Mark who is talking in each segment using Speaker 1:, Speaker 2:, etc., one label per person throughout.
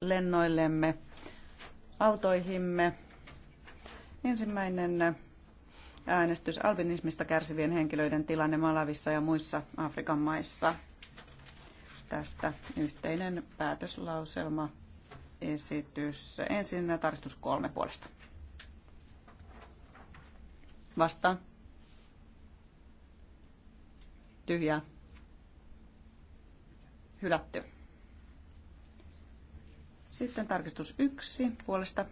Speaker 1: lennoillemme, autoihimme. Ensimmäinen äänestys albinismista kärsivien henkilöiden tilanne Malavissa ja muissa Afrikan maissa. Tästä yhteinen päätöslauselma esitys. Ensin tarkistus kolme puolesta. Vastaan. Tyhjää. Hylätty. Sitten tarkistus yksi puolesta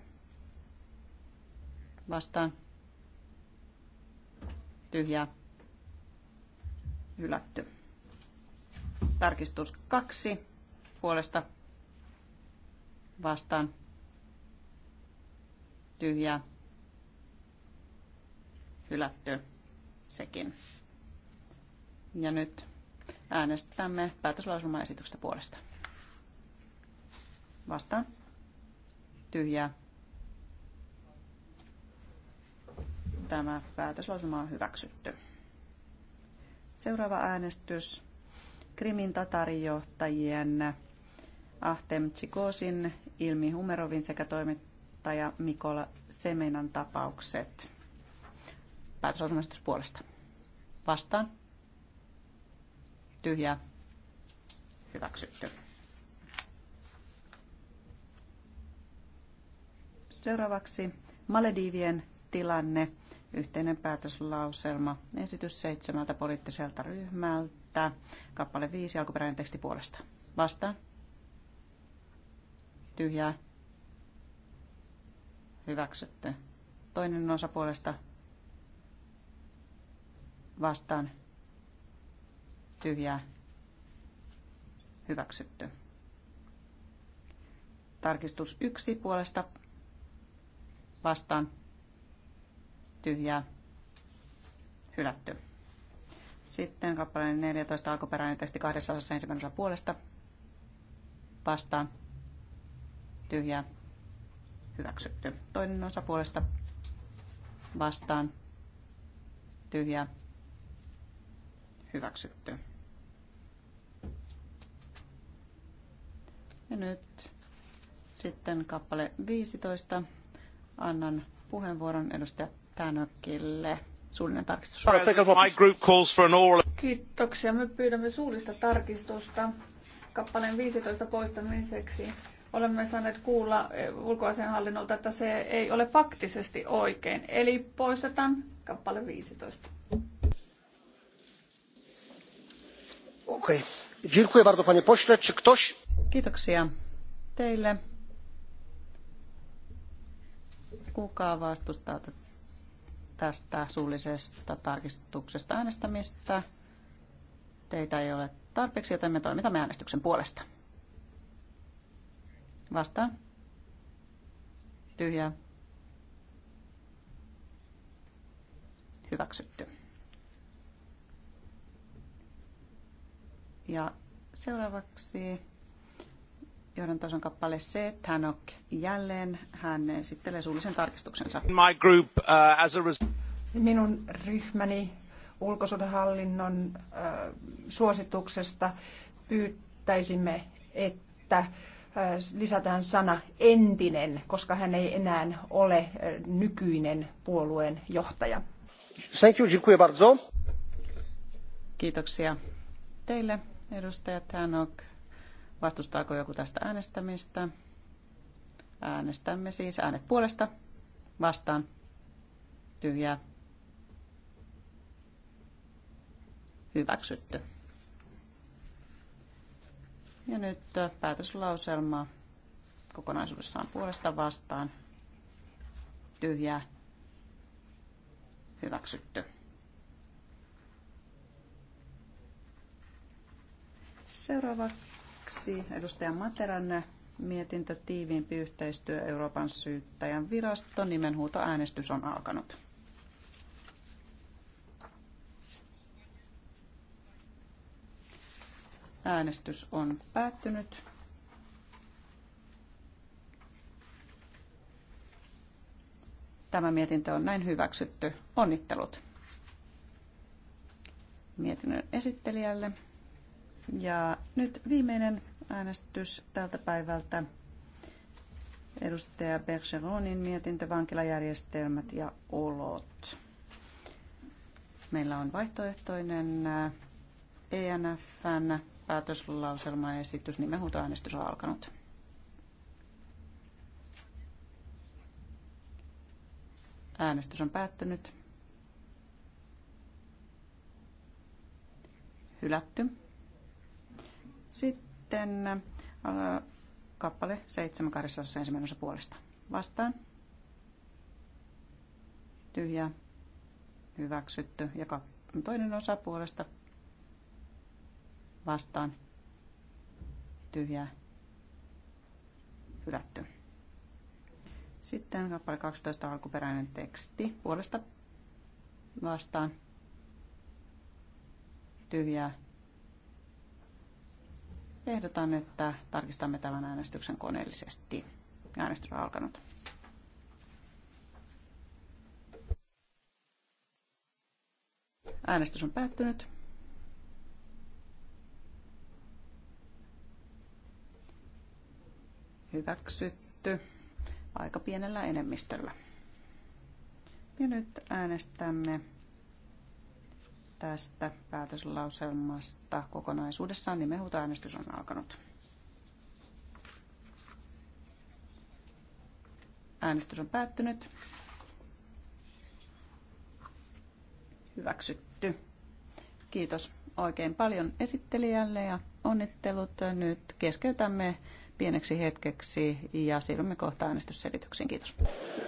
Speaker 1: vastaan tyhjää hylätty. Tarkistus kaksi puolesta vastaan tyhjää hylätty sekin. Ja nyt äänestämme päätöslausumaesityksestä puolesta. Vastaan. Tyhjää. Tämä päätöslausuma on hyväksytty. Seuraava äänestys. Krimin tatarijohtajien Ahtem Tsikosin, Ilmi Humerovin sekä toimittaja Mikola Semenan tapaukset. Päätösosumäistys puolesta. Vastaan. Tyhjä. Hyväksytty. Seuraavaksi Malediivien tilanne, yhteinen päätöslauselma, esitys seitsemältä poliittiselta ryhmältä, kappale viisi, alkuperäinen teksti puolesta. Vastaan. Tyhjää. Hyväksytty. Toinen osa puolesta. Vastaan. Tyhjää. Hyväksytty. Tarkistus yksi puolesta vastaan tyhjää hylätty. Sitten kappaleen 14 alkuperäinen teksti kahdessa osassa ensimmäinen osa puolesta vastaan tyhjää hyväksytty. Toinen osa puolesta vastaan tyhjää hyväksytty. Ja nyt sitten kappale 15 annan puheenvuoron edustaja Tänökille. Suullinen tarkistus. Kiitoksia. Me pyydämme suullista tarkistusta kappaleen 15 poistamiseksi. Olemme saaneet kuulla eh, ulkoasianhallinnolta, että se ei ole faktisesti oikein. Eli poistetaan kappale 15. Okei. Okay. Kiitoksia teille kuka vastustaa tästä suullisesta tarkistuksesta äänestämistä? Teitä ei ole tarpeeksi, joten me toimitamme äänestyksen puolesta. Vastaan. Tyhjää. Hyväksytty. Ja seuraavaksi johdan tason kappale C, Tanok jälleen. Hän esittelee suullisen tarkistuksensa. My group, uh, as a res- Minun ryhmäni ulkosuudenhallinnon uh, suosituksesta pyyttäisimme, että uh, lisätään sana entinen, koska hän ei enää ole uh, nykyinen puolueen johtaja. Thank you, dziękuję bardzo. Kiitoksia teille, edustajat Tanok. Vastustaako joku tästä äänestämistä? Äänestämme siis äänet puolesta. Vastaan. Tyhjää. Hyväksytty. Ja nyt äh, päätöslauselma kokonaisuudessaan puolesta vastaan. Tyhjää. Hyväksytty. seuraava Kaksi. edustaja Materan mietintö tiiviimpi yhteistyö Euroopan syyttäjän virasto. Nimenhuuto äänestys on alkanut. Äänestys on päättynyt. Tämä mietintö on näin hyväksytty. Onnittelut mietinnön esittelijälle. Ja nyt viimeinen äänestys tältä päivältä. Edustaja Bergeronin mietintö, vankilajärjestelmät ja olot. Meillä on vaihtoehtoinen äh, ENFn päätöslauselmaesitys. äänestys on alkanut. Äänestys on päättynyt. Hylätty. Sitten äh, kappale 7 kahdessa osassa ensimmäinen osa puolesta. Vastaan. Tyhjä. Hyväksytty. Ja toinen osa puolesta. Vastaan. Tyhjä. Hylätty. Sitten kappale 12 alkuperäinen teksti puolesta vastaan. Tyhjää ehdotan, että tarkistamme tämän äänestyksen koneellisesti. Äänestys on alkanut. Äänestys on päättynyt. Hyväksytty aika pienellä enemmistöllä. Ja nyt äänestämme tästä päätöslauselmasta kokonaisuudessaan, niin mehuta-äänestys on alkanut. Äänestys on päättynyt. Hyväksytty. Kiitos oikein paljon esittelijälle ja onnittelut. Nyt keskeytämme pieneksi hetkeksi ja siirrymme kohta äänestysselityksiin. Kiitos.